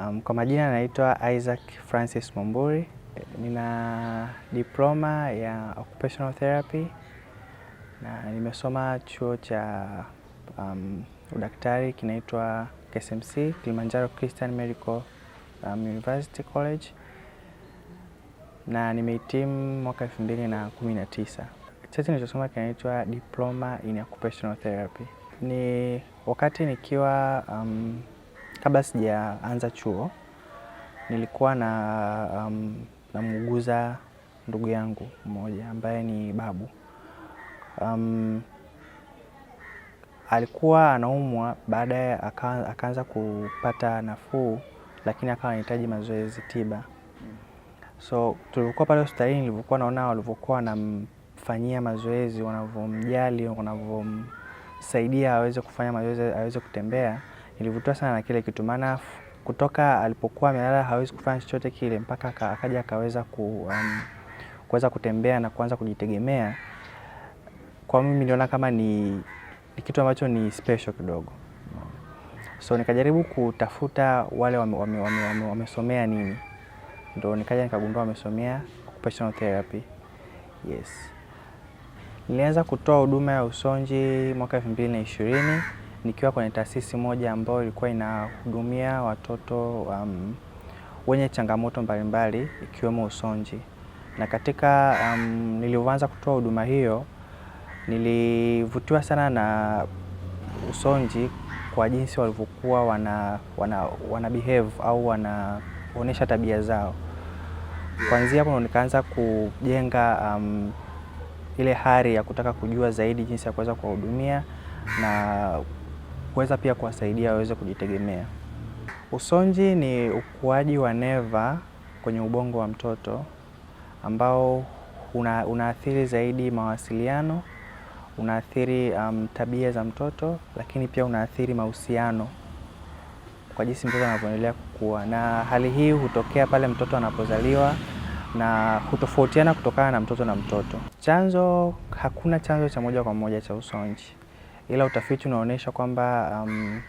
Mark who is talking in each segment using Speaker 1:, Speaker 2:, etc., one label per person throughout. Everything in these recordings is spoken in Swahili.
Speaker 1: Um, kwa majina naitwa Isaac Francis Mumburi. Nina diploma ya occupational therapy na nimesoma chuo cha um, udaktari kinaitwa KSMC Kilimanjaro Christian Medical um, University College na nimehitimu mwaka elfu mbili na kumi na tisa. Cheti nilichosoma kinaitwa diploma in occupational therapy. Ni wakati nikiwa um, kabla sijaanza chuo nilikuwa na um, namuuguza ndugu yangu mmoja ambaye ni babu um, alikuwa anaumwa, baadaye akaanza kupata nafuu, lakini akawa anahitaji mazoezi tiba. So tulivokuwa pale hospitalini, nilivyokuwa naona walivokuwa wanamfanyia mazoezi, wanavyomjali, wanavyomsaidia aweze kufanya mazoezi, aweze kutembea nilivutiwa sana na kile kitu, maana kutoka alipokuwa amelala hawezi kufanya chochote kile mpaka akaja akaweza ku, um, kuweza kutembea na kuanza kujitegemea. Kwa mimi niliona kama ni, ni kitu ambacho ni special kidogo, so nikajaribu kutafuta wale wamesomea wame, wame, wame, wame nini, ndo nikaja nikagundua wamesomea occupational therapy. Yes, nilianza kutoa huduma ya usonji mwaka elfu mbili na ishirini nikiwa kwenye taasisi moja ambayo ilikuwa inahudumia watoto um, wenye changamoto mbalimbali ikiwemo usonji, na katika um, nilivyoanza kutoa huduma hiyo nilivutiwa sana na usonji kwa jinsi walivyokuwa wana, wana, wana behave au wanaonyesha tabia zao. Kuanzia hapo nikaanza kujenga um, ile hari ya kutaka kujua zaidi jinsi ya kuweza kuwahudumia na kuweza pia kuwasaidia waweze kujitegemea. Usonji ni ukuaji wa neva kwenye ubongo wa mtoto ambao una, unaathiri zaidi mawasiliano, unaathiri um, tabia za mtoto, lakini pia unaathiri mahusiano kwa jinsi mtoto anavyoendelea kukua, na hali hii hutokea pale mtoto anapozaliwa na hutofautiana kutokana na mtoto na mtoto. Chanzo, hakuna chanzo cha moja kwa moja cha usonji ila utafiti unaonyesha kwamba um,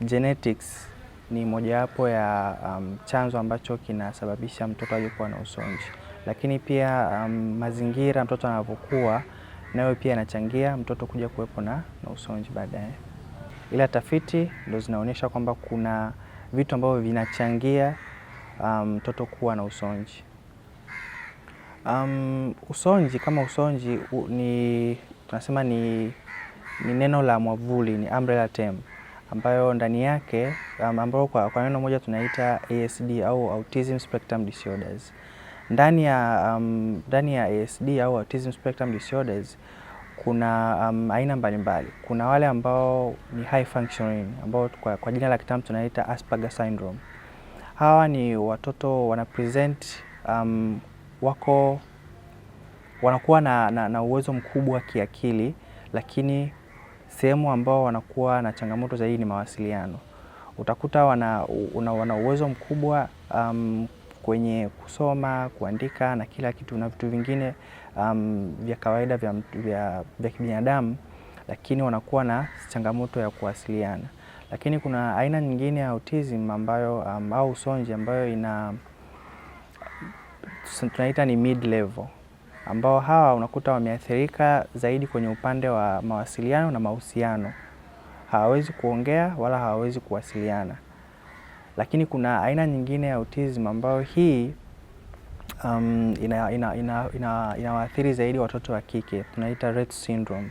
Speaker 1: genetics ni mojawapo ya um, chanzo ambacho kinasababisha mtoto aje kuwa na usonji, lakini pia um, mazingira mtoto anavyokuwa nayo pia yanachangia mtoto kuja kuwepo na, na usonji baadaye, ila tafiti ndo zinaonyesha kwamba kuna vitu ambavyo vinachangia um, mtoto um, kuwa na usonji. Um, usonji kama usonji u, ni tunasema ni ni neno la mwavuli, ni umbrella term ambayo ndani yake ambayo kwa, kwa neno moja tunaita ASD au Autism Spectrum Disorders. Ndani ya, um, ndani ya ASD au Autism Spectrum Disorders kuna um, aina mbalimbali mbali. Kuna wale ambao ni high functioning ambao kwa, kwa jina la kitamu tunaita Asperger syndrome. Hawa ni watoto wana present um, wako wanakuwa na, na, na uwezo mkubwa wa kiakili lakini Sehemu ambao wanakuwa na changamoto zaidi ni mawasiliano. Utakuta wana, una, wana uwezo mkubwa um, kwenye kusoma, kuandika na kila kitu na vitu vingine um, vya kawaida vya, vya, vya kibinadamu, lakini wanakuwa na changamoto ya kuwasiliana. Lakini kuna aina nyingine ya autism ambayo um, au usonji ambayo ina tunaita ni mid level ambao hawa unakuta wameathirika zaidi kwenye upande wa mawasiliano na mahusiano, hawawezi kuongea wala hawawezi kuwasiliana. Lakini kuna aina nyingine ya autism ambayo hii um, inawaathiri ina, ina, ina, ina zaidi watoto wa kike, tunaita Rett syndrome.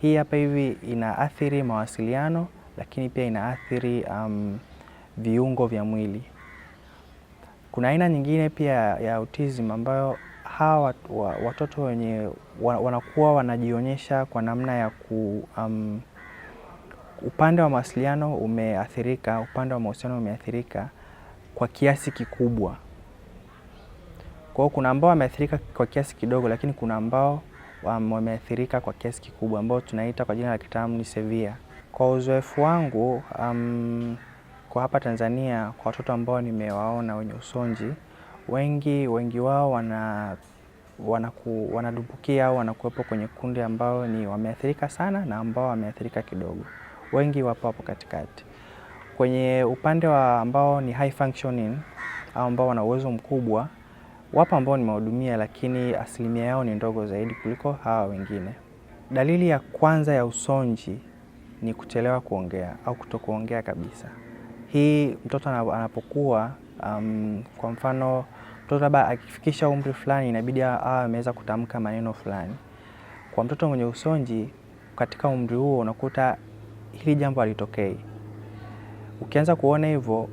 Speaker 1: Hii hapa hivi inaathiri mawasiliano, lakini pia inaathiri um, viungo vya mwili. Kuna aina nyingine pia ya autism ambayo hawa watoto wenye wanakuwa wanajionyesha kwa namna ya ku um, upande wa mawasiliano umeathirika, upande wa mahusiano umeathirika kwa kiasi kikubwa. Kwa hiyo kuna ambao wameathirika kwa kiasi kidogo, lakini kuna ambao um, wameathirika kwa kiasi kikubwa, ambao tunaita kwa jina la kitaalamu ni severe. Kwa uzoefu wangu um, kwa hapa Tanzania kwa watoto ambao nimewaona wenye usonji wengi wengi wao wana wanaku, wanadumbukia au wanakuwepo kwenye kundi ambao ni wameathirika sana na ambao wameathirika kidogo. Wengi wapo hapo katikati. Kwenye upande wa ambao ni high functioning au ambao wana uwezo mkubwa, wapo ambao nimehudumia lakini asilimia yao ni ndogo zaidi kuliko hawa wengine. Dalili ya kwanza ya usonji ni kuchelewa kuongea au kutokuongea kabisa. Hii mtoto anapokuwa um, kwa mfano mtoto labda akifikisha umri fulani inabidi awe ameweza kutamka maneno fulani. Kwa mtoto mwenye usonji katika umri huo unakuta hili jambo halitokei. Ukianza kuona hivyo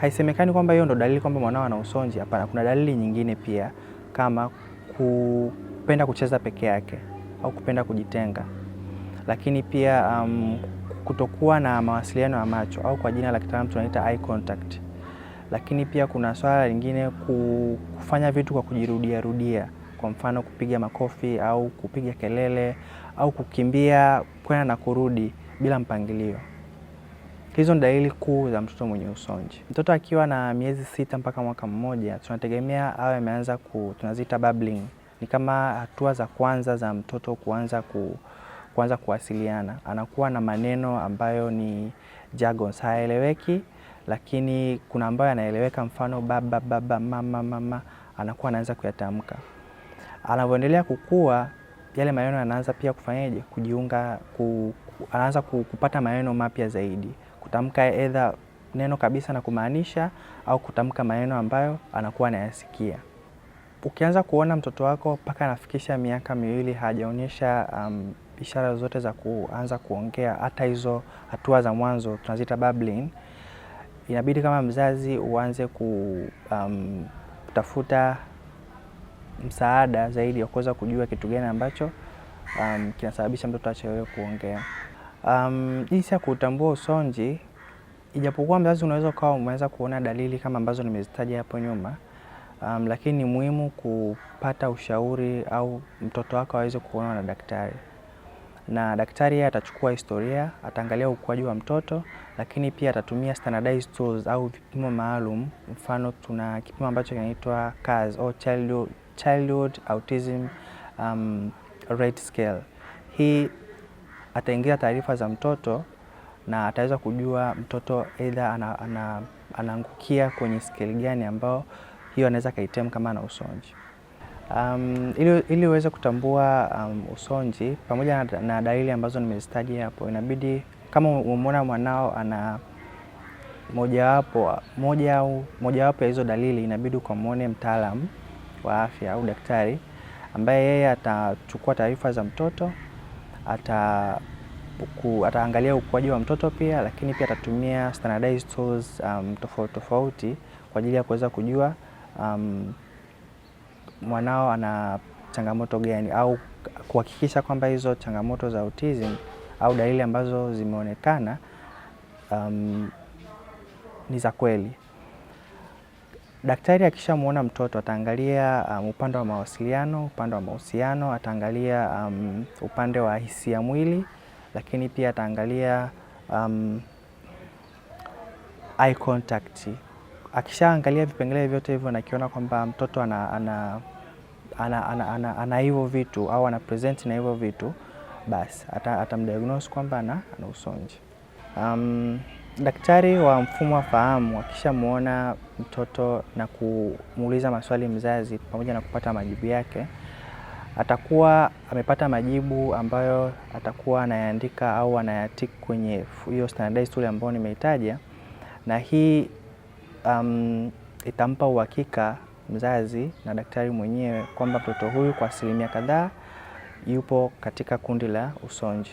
Speaker 1: haisemekani kwamba hiyo ndo dalili kwamba mwanao ana usonji. Hapana, kuna dalili nyingine pia kama kupenda kucheza peke yake au kupenda kujitenga, lakini pia um, kutokuwa na mawasiliano ya macho au kwa jina la kitaalamu tunaita eye contact. Lakini pia kuna swala lingine kufanya vitu kwa kujirudia rudia, kwa mfano kupiga makofi au kupiga kelele au kukimbia kwenda na kurudi bila mpangilio. Hizo ni dalili kuu za mtoto mwenye usonji. Mtoto akiwa na miezi sita mpaka mwaka mmoja, tunategemea awe ameanza ku, tunaziita babbling. Ni kama hatua za kwanza za mtoto kuanza ku kuanza kuwasiliana, anakuwa na maneno ambayo ni jargons haeleweki, lakini kuna ambayo anaeleweka, mfano baba, baba, mama, mama, anakuwa anaanza kuyatamka. Anavyoendelea kukua yale maneno yanaanza pia kufanyaje, kujiunga ku, anaanza kupata maneno mapya zaidi, kutamka edha neno kabisa na kumaanisha au kutamka maneno ambayo anakuwa anayasikia. Ukianza kuona mtoto wako mpaka anafikisha miaka miwili hajaonyesha um, ishara zote za kuanza kuongea, hata hizo hatua za mwanzo tunaziita babbling, inabidi kama mzazi uanze um, kutafuta um, msaada zaidi ya kuweza kujua kitu gani ambacho um, kinasababisha mtoto achelewe kuongea. Um, jinsi ya kutambua usonji, ijapokuwa mzazi unaweza ukawa umeweza kuona dalili kama ambazo nimezitaja hapo nyuma um, lakini ni muhimu kupata ushauri au mtoto wako aweze kuona na daktari na daktari atachukua historia, ataangalia ukuaji wa mtoto, lakini pia atatumia standardized tools au vipimo maalum. Mfano, tuna kipimo ambacho kinaitwa CAS au Childhood, Childhood Autism um, Rate Scale. Hii ataingiza taarifa za mtoto na ataweza kujua mtoto aidha ana, ana, anaangukia kwenye skeli gani ambao hiyo anaweza kaitem kama ana usonji. Um, ili, ili uweze kutambua um, usonji pamoja na, na dalili ambazo nimezitaja hapo, inabidi kama umeona mwanao ana mojawapo moja au mojawapo ya hizo dalili, inabidi ukamwone mtaalamu wa afya au daktari ambaye yeye atachukua taarifa za mtoto, ata ku, ataangalia ukuaji wa mtoto pia, lakini pia atatumia standardized tools um, tofauti tofauti kwa ajili ya kuweza kujua um, mwanao ana changamoto gani, au kuhakikisha kwamba hizo changamoto za autism au dalili ambazo zimeonekana um, ni za kweli. Daktari akishamwona mtoto ataangalia um, upande wa mawasiliano, upande wa mahusiano, ataangalia um, upande wa hisia mwili, lakini pia ataangalia um, eye contact akishaangalia vipengele vyote hivyo nakiona kwamba mtoto ana, ana, ana, ana, ana, ana hivyo vitu au ana present na hivyo vitu, basi atamdiagnose ata kwamba ana, ana usonji. Um, daktari wa mfumo wa fahamu akishamwona mtoto na kumuuliza maswali mzazi pamoja na kupata majibu yake, atakuwa amepata majibu ambayo atakuwa anayaandika au anayatik kwenye hiyo standardized tool ambayo nimeitaja, na hii um, itampa uhakika mzazi na daktari mwenyewe kwamba mtoto huyu kwa asilimia kadhaa yupo katika kundi la usonji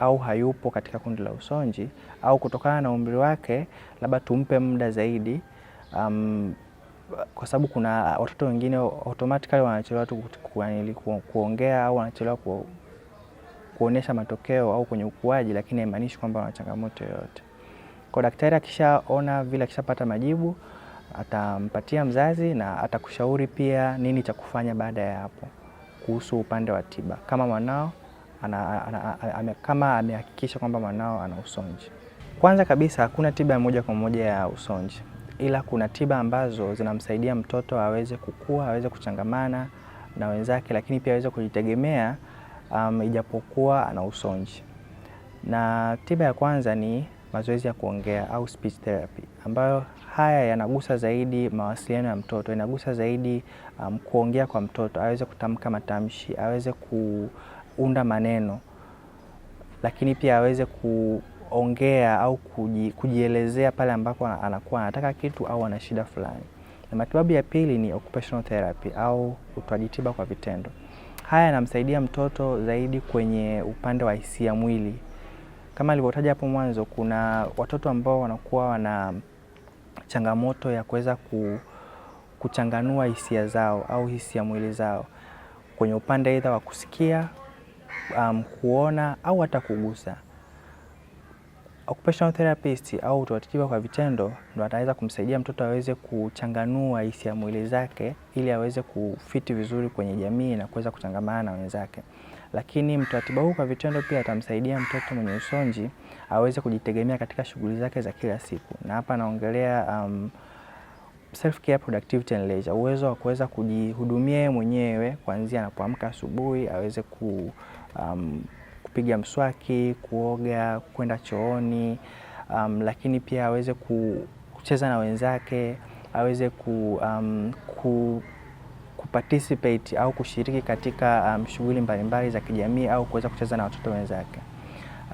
Speaker 1: au hayupo katika kundi la usonji, au kutokana na umri wake labda tumpe muda zaidi um, kwa sababu kuna watoto wengine automatically wanachelewa tu kuongea au wanachelewa kuonyesha matokeo au kwenye ukuaji, lakini haimaanishi kwamba wana changamoto yoyote. Kwa daktari akishaona vile, akishapata majibu atampatia mzazi na atakushauri pia nini cha kufanya baada ya hapo kuhusu upande wa tiba, kama mwanao ana, ana, ana, ame, kama amehakikisha kwamba mwanao ana usonji. Kwanza kabisa hakuna tiba ya moja kwa moja ya usonji, ila kuna tiba ambazo zinamsaidia mtoto aweze kukua, aweze kuchangamana na wenzake, lakini pia aweze kujitegemea um, ijapokuwa ana usonji. Na tiba ya kwanza ni mazoezi ya kuongea au speech therapy, ambayo haya yanagusa zaidi mawasiliano ya mtoto, inagusa zaidi um, kuongea kwa mtoto aweze kutamka matamshi, aweze kuunda maneno, lakini pia aweze kuongea au kuji, kujielezea pale ambapo anakuwa anataka kitu au ana shida fulani. Na matibabu ya pili ni occupational therapy au utoaji tiba kwa vitendo. Haya yanamsaidia mtoto zaidi kwenye upande wa hisia mwili kama alivyotaja hapo mwanzo, kuna watoto ambao wanakuwa wana changamoto ya kuweza kuchanganua hisia zao au hisia mwili zao kwenye upande aidha wa kusikia, um, kuona au hata kugusa. Occupational therapist au utaratibu kwa vitendo ndo ataweza kumsaidia mtoto aweze kuchanganua hisia mwili zake ili aweze kufiti vizuri kwenye jamii na kuweza kuchangamana na wenzake lakini mtaratiba huu kwa vitendo pia atamsaidia mtoto mwenye usonji aweze kujitegemea katika shughuli zake za kila siku, na hapa naongelea um, self care, productivity and leisure, uwezo wa kuweza kujihudumia yeye mwenyewe kuanzia anapoamka asubuhi aweze ku, um, kupiga mswaki, kuoga, kwenda chooni um, lakini pia aweze kucheza na wenzake aweze ku, um, ku kuparticipate au kushiriki katika um, shughuli mbalimbali za kijamii au kuweza kucheza na watoto wenzake.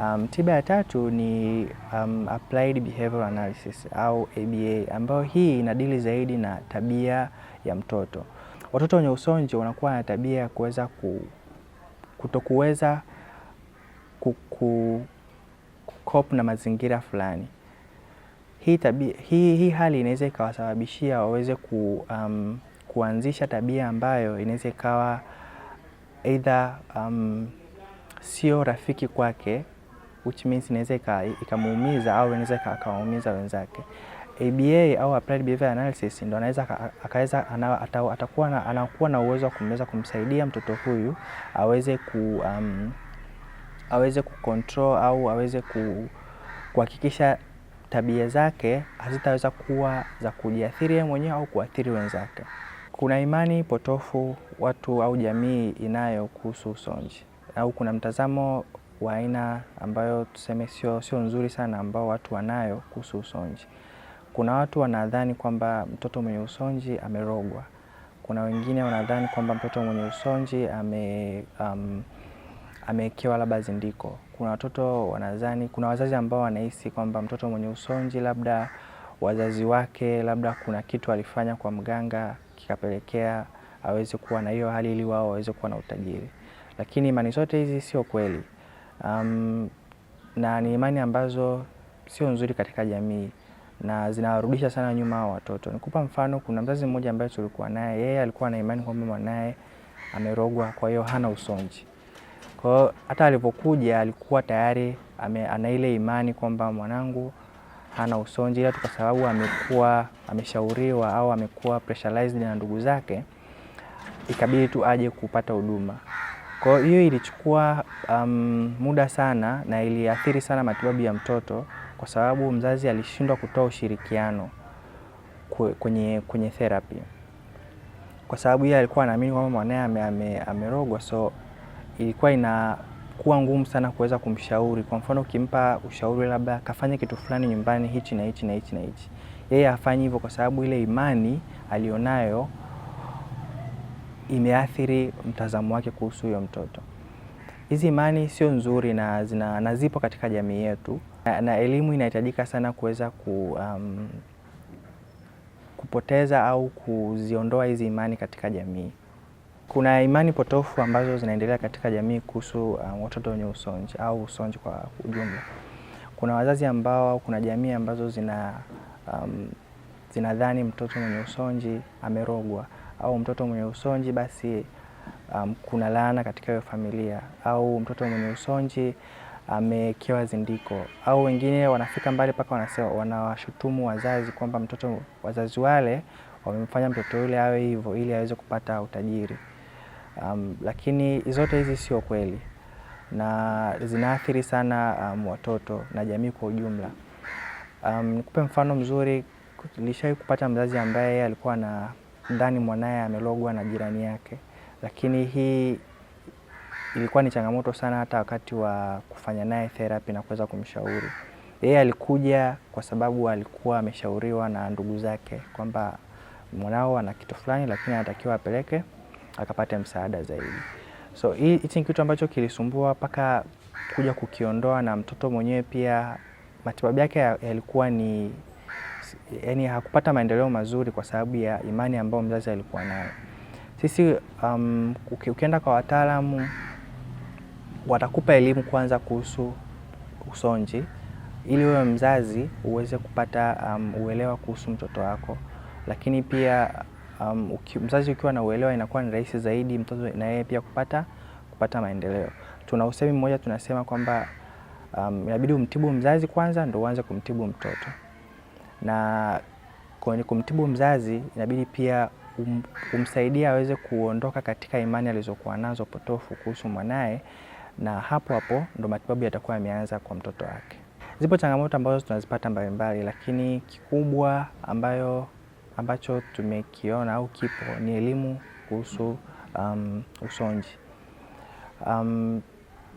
Speaker 1: Um, tiba ya tatu ni um, applied behavioral analysis au ABA ambayo hii inadili zaidi na tabia ya mtoto. Watoto wenye usonji wanakuwa na tabia ya kuweza ku, kutokuweza kukop na mazingira fulani. Hii, tabi, hii, hii hali inaweza ikawasababishia waweze ku um, kuanzisha tabia ambayo inaweza ikawa either um, sio rafiki kwake which means inaweza ikamuumiza au inaweza akawaumiza wenzake. ABA au applied behavior analysis ndo anaweza akaweza atakuwa na, anakuwa na uwezo wa kumweza kumsaidia mtoto huyu aweze ku um, aweze kucontrol au aweze kuhakikisha tabia zake hazitaweza kuwa za kujiathiri yeye mwenyewe au kuathiri wenzake. Kuna imani potofu watu au jamii inayo kuhusu usonji au kuna mtazamo wa aina ambayo tuseme sio, sio nzuri sana ambao watu wanayo kuhusu usonji. Kuna watu wanadhani kwamba mtoto mwenye usonji amerogwa. Kuna wengine wanadhani kwamba mtoto mwenye usonji ame um, amewekewa labda zindiko. Kuna watoto wanadhani, kuna wazazi ambao wanahisi kwamba mtoto mwenye usonji labda wazazi wake labda kuna kitu alifanya kwa mganga kikapelekea aweze kuwa na hiyo hali ili wao waweze kuwa na utajiri, lakini imani zote hizi sio kweli. Um, na ni imani ambazo sio nzuri katika jamii na zinawarudisha sana nyuma hao watoto. Nikupa mfano, kuna mzazi mmoja ambaye tulikuwa naye, yeye alikuwa na imani kwamba mwanaye amerogwa, kwa hiyo hana usonji. Kwa hiyo hata alipokuja alikuwa tayari ame, ana ile imani kwamba mwanangu hana usonji, ila kwa sababu amekuwa ameshauriwa au amekuwa pressurized na ndugu zake, ikabidi tu aje kupata huduma. Kwa hiyo ilichukua um, muda sana na iliathiri sana matibabu ya mtoto kwa sababu mzazi alishindwa kutoa ushirikiano kwenye, kwenye therapy kwa sababu yeye alikuwa anaamini kwamba mwanae amerogwa, so ilikuwa ina kuwa ngumu sana kuweza kumshauri. Kwa mfano, ukimpa ushauri labda kafanya kitu fulani nyumbani hichi na hichi na hichi na hichi, yeye hafanyi hivyo kwa sababu ile imani alionayo imeathiri mtazamo wake kuhusu huyo mtoto. Hizi imani sio nzuri na, zina, na zipo katika jamii yetu na, na elimu inahitajika sana kuweza ku, um, kupoteza au kuziondoa hizi imani katika jamii. Kuna imani potofu ambazo zinaendelea katika jamii kuhusu um, watoto wenye usonji au usonji kwa ujumla. Kuna wazazi ambao, kuna jamii ambazo zina um, zinadhani mtoto mwenye usonji amerogwa au mtoto mwenye usonji basi um, kuna laana katika hiyo familia au mtoto mwenye usonji amekewa zindiko au wengine wanafika mbali mpaka wanawashutumu wazazi kwamba mtoto, wazazi wale wamemfanya mtoto yule awe hivyo ili aweze kupata utajiri um, lakini zote hizi sio kweli na zinaathiri sana um, watoto na jamii kwa ujumla. Um, nikupe mfano mzuri, nilishawahi kupata mzazi ambaye alikuwa na ndani mwanaye amelogwa na jirani yake, lakini hii ilikuwa ni changamoto sana hata wakati wa kufanya naye therapy na kuweza kumshauri. Yeye alikuja kwa sababu alikuwa ameshauriwa na ndugu zake kwamba mwanao ana kitu fulani, lakini anatakiwa apeleke akapate msaada zaidi. So hichi ni kitu ambacho kilisumbua mpaka kuja kukiondoa, na mtoto mwenyewe pia matibabu yake yalikuwa ni yani, hakupata maendeleo mazuri kwa sababu ya imani ambayo mzazi alikuwa nayo. Sisi um, ukienda kwa wataalamu watakupa elimu kwanza kuhusu usonji ili wewe mzazi uweze kupata um, uelewa kuhusu mtoto wako, lakini pia um, uki, mzazi ukiwa na uelewa inakuwa ni rahisi zaidi mtoto na yeye pia kupata, kupata maendeleo. Tuna usemi mmoja tunasema kwamba um, inabidi umtibu mzazi kwanza ndio uanze kumtibu mtoto, na kwenye kumtibu mzazi inabidi pia um, umsaidia aweze kuondoka katika imani alizokuwa nazo potofu kuhusu mwanaye, na hapo hapo ndo matibabu yatakuwa yameanza kwa mtoto wake. Zipo changamoto ambazo tunazipata mbalimbali, lakini kikubwa ambayo ambacho tumekiona au kipo ni elimu kuhusu um, usonji um,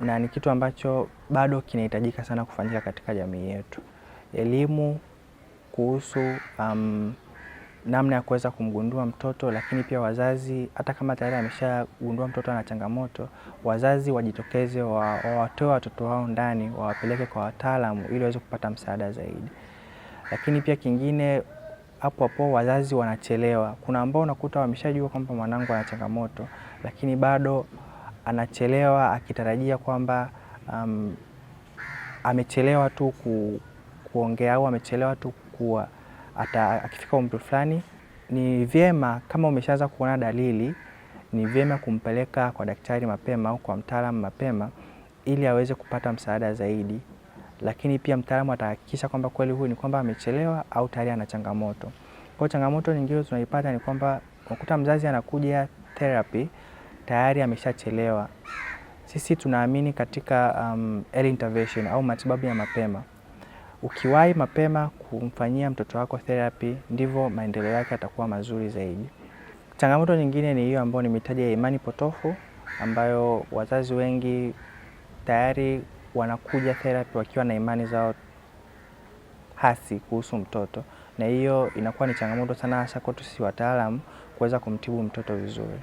Speaker 1: na ni kitu ambacho bado kinahitajika sana kufanyika katika jamii yetu, elimu kuhusu um, namna ya kuweza kumgundua mtoto, lakini pia wazazi, hata kama tayari ameshagundua mtoto ana changamoto, wazazi wajitokeze, wawatoe watoto wao ndani, wawapeleke kwa wataalamu ili waweze kupata msaada zaidi. Lakini pia kingine hapo hapo wazazi wanachelewa. Kuna ambao unakuta wameshajua kwamba mwanangu ana changamoto, lakini bado anachelewa akitarajia kwamba um, amechelewa tu ku, kuongea au amechelewa tu kuwa ata, akifika umri fulani. Ni vyema kama umeshaanza kuona dalili, ni vyema kumpeleka kwa daktari mapema au kwa mtaalamu mapema, ili aweze kupata msaada zaidi lakini pia mtaalamu atahakikisha kwamba kweli huyu ni kwamba amechelewa au tayari ana changamoto. Kwa changamoto nyingine tunaipata ni kwamba unakuta mzazi anakuja therapy tayari ameshachelewa. Sisi tunaamini katika um, early intervention au matibabu ya mapema. Ukiwahi mapema kumfanyia mtoto wako therapy, ndivyo maendeleo yake atakuwa mazuri zaidi. Changamoto nyingine ni hiyo ambayo nimetaja ya imani potofu ambayo wazazi wengi tayari wanakuja therapy wakiwa na imani zao hasi kuhusu mtoto, na hiyo inakuwa ni changamoto sana, hasa kwetu sisi wataalamu kuweza kumtibu mtoto vizuri.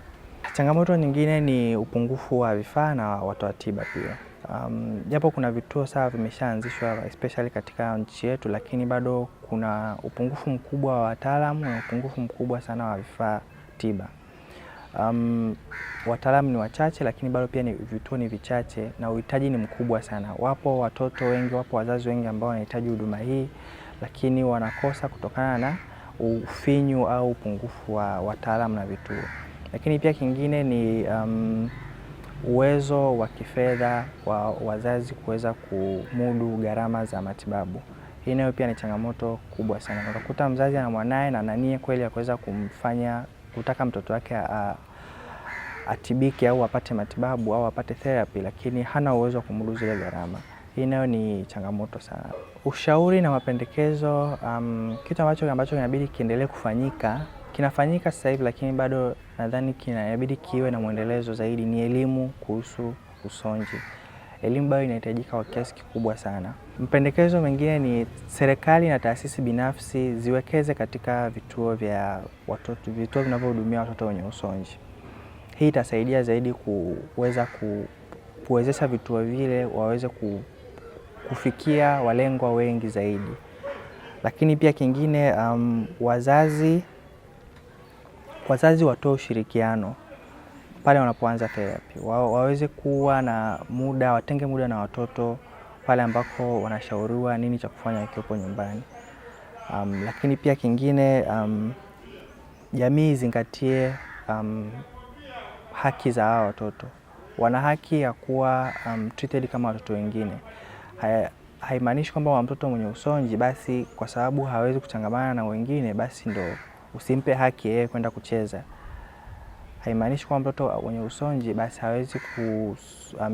Speaker 1: Changamoto nyingine ni upungufu wa vifaa na watoa tiba pia. Um, japo kuna vituo sawa vimeshaanzishwa especially katika nchi yetu, lakini bado kuna upungufu mkubwa wa wataalamu na upungufu mkubwa sana wa vifaa tiba. Um, wataalamu ni wachache, lakini bado pia ni vituo ni vichache na uhitaji ni mkubwa sana. Wapo watoto wengi, wapo wazazi wengi ambao wanahitaji huduma hii, lakini wanakosa kutokana na ufinyu au upungufu wa wataalamu na vituo. Lakini pia kingine ni um, uwezo wa kifedha wa wazazi kuweza kumudu gharama za matibabu. Hii nayo pia ni changamoto kubwa sana. Unakuta mzazi ana mwanaye na nanie kweli ya kuweza kumfanya kutaka mtoto wake atibike au apate matibabu au apate therapy, lakini hana uwezo wa kumudu zile gharama. Hii nayo ni changamoto sana. Ushauri na mapendekezo, um, kitu ambacho ambacho kinabidi kiendelee kufanyika kinafanyika sasa hivi, lakini bado nadhani kinabidi kiwe na mwendelezo zaidi, ni elimu kuhusu usonji. Elimu bado inahitajika kwa kiasi kikubwa sana. Mapendekezo mengine ni serikali na taasisi binafsi ziwekeze katika vituo vya watoto, vituo vinavyohudumia watoto wenye usonji. Hii itasaidia zaidi kuweza ku, kuwezesha vituo vile waweze ku, kufikia walengwa wengi zaidi. Lakini pia kingine, um, wazazi wazazi watoe ushirikiano pale wanapoanza therapy, waweze kuwa na muda, watenge muda na watoto pale ambako wanashauriwa nini cha kufanya wakiwepo nyumbani. Um, lakini pia kingine um, jamii izingatie um, haki za hawa watoto. Wana haki ya kuwa um, treated kama watoto wengine. Haimaanishi kwamba mtoto mwenye usonji basi kwa sababu hawezi kuchangamana na wengine basi ndo usimpe haki yeye kwenda kucheza haimaanishi kwamba mtoto mwenye usonji basi hawezi, ku,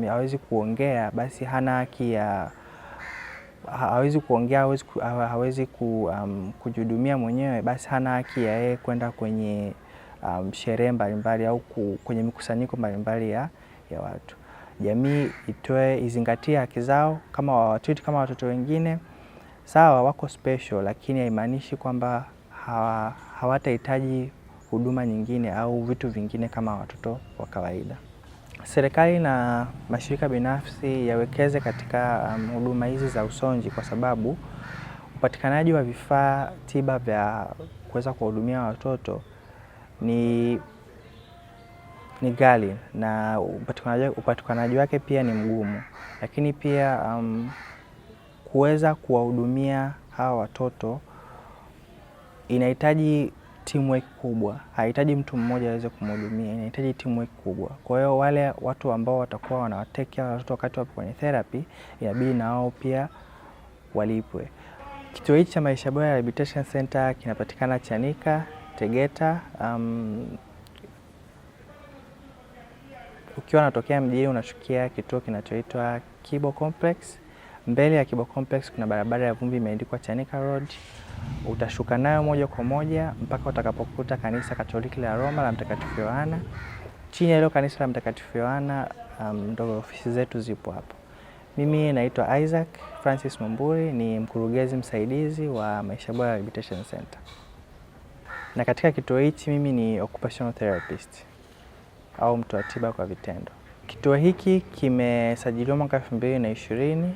Speaker 1: hawezi kuongea basi hana haki ya hawezi kuongea hawezi, ku, hawezi ku, um, kujihudumia mwenyewe basi hana haki ya yeye kwenda kwenye um, sherehe mbalimbali au ku, kwenye mikusanyiko mbalimbali ya, ya watu. Jamii itoe izingatie haki zao, kama watoto kama watoto wengine sawa, wako special, lakini haimaanishi kwamba hawatahitaji huduma nyingine au vitu vingine kama watoto wa kawaida. Serikali na mashirika binafsi yawekeze katika um, huduma hizi za usonji kwa sababu upatikanaji wa vifaa tiba vya kuweza kuwahudumia watoto ni, ni ghali na upatikanaji, upatikanaji wake pia ni mgumu, lakini pia um, kuweza kuwahudumia hawa watoto inahitaji teamwork kubwa, hahitaji mtu mmoja aweze kumhudumia, inahitaji teamwork kubwa. Kwa hiyo wale watu ambao watakuwa wanawatekea watoto wakati wapo kwenye therapy, inabidi na wao pia walipwe. Kituo hichi cha Maisha Bora Rehabilitation Center kinapatikana Chanika, Tegeta. Um, ukiwa unatokea mjini unashukia kituo kinachoitwa Kibo Complex. Mbele ya Kibo Complex kuna barabara ya vumbi imeandikwa Chanika Road. Utashuka nayo moja kwa moja mpaka utakapokuta kanisa Katoliki la Roma la Mtakatifu Yohana. Chini ya hilo kanisa la Mtakatifu Yohana um, ndo um, ofisi zetu zipo hapo. Mimi naitwa Isaac Francis Mumburi, ni mkurugenzi msaidizi wa Maisha Bora Rehabilitation Center, na katika kituo hichi mimi ni occupational therapist au wa tiba kwa vitendo. Kituo hiki kimesajiliwa mwaka 2020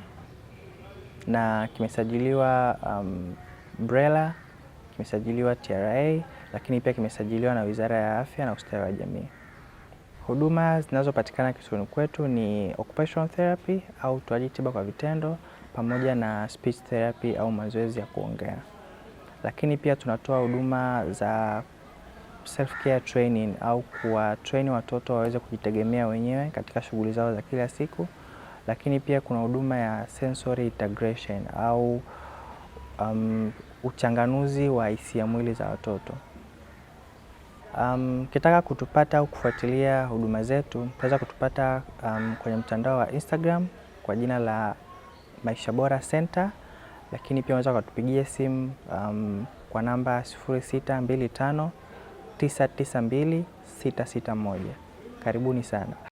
Speaker 1: na kimesajiliwa um, BRELA, kimesajiliwa TRA, lakini pia kimesajiliwa na Wizara ya Afya na Ustawi wa Jamii. Huduma zinazopatikana kituoni kwetu ni occupational therapy au utoaji tiba kwa vitendo pamoja na speech therapy au mazoezi ya kuongea, lakini pia tunatoa huduma za self care training au train watoto waweze kujitegemea wenyewe katika shughuli zao za kila siku lakini pia kuna huduma ya sensory integration au um, uchanganuzi wa hisia mwili za watoto. Um, kitaka kutupata au kufuatilia huduma zetu utaweza kutupata um, kwenye mtandao wa Instagram kwa jina la Maisha Bora Center, lakini pia unaweza kutupigia simu um, kwa namba 0625 992 661. Karibuni sana.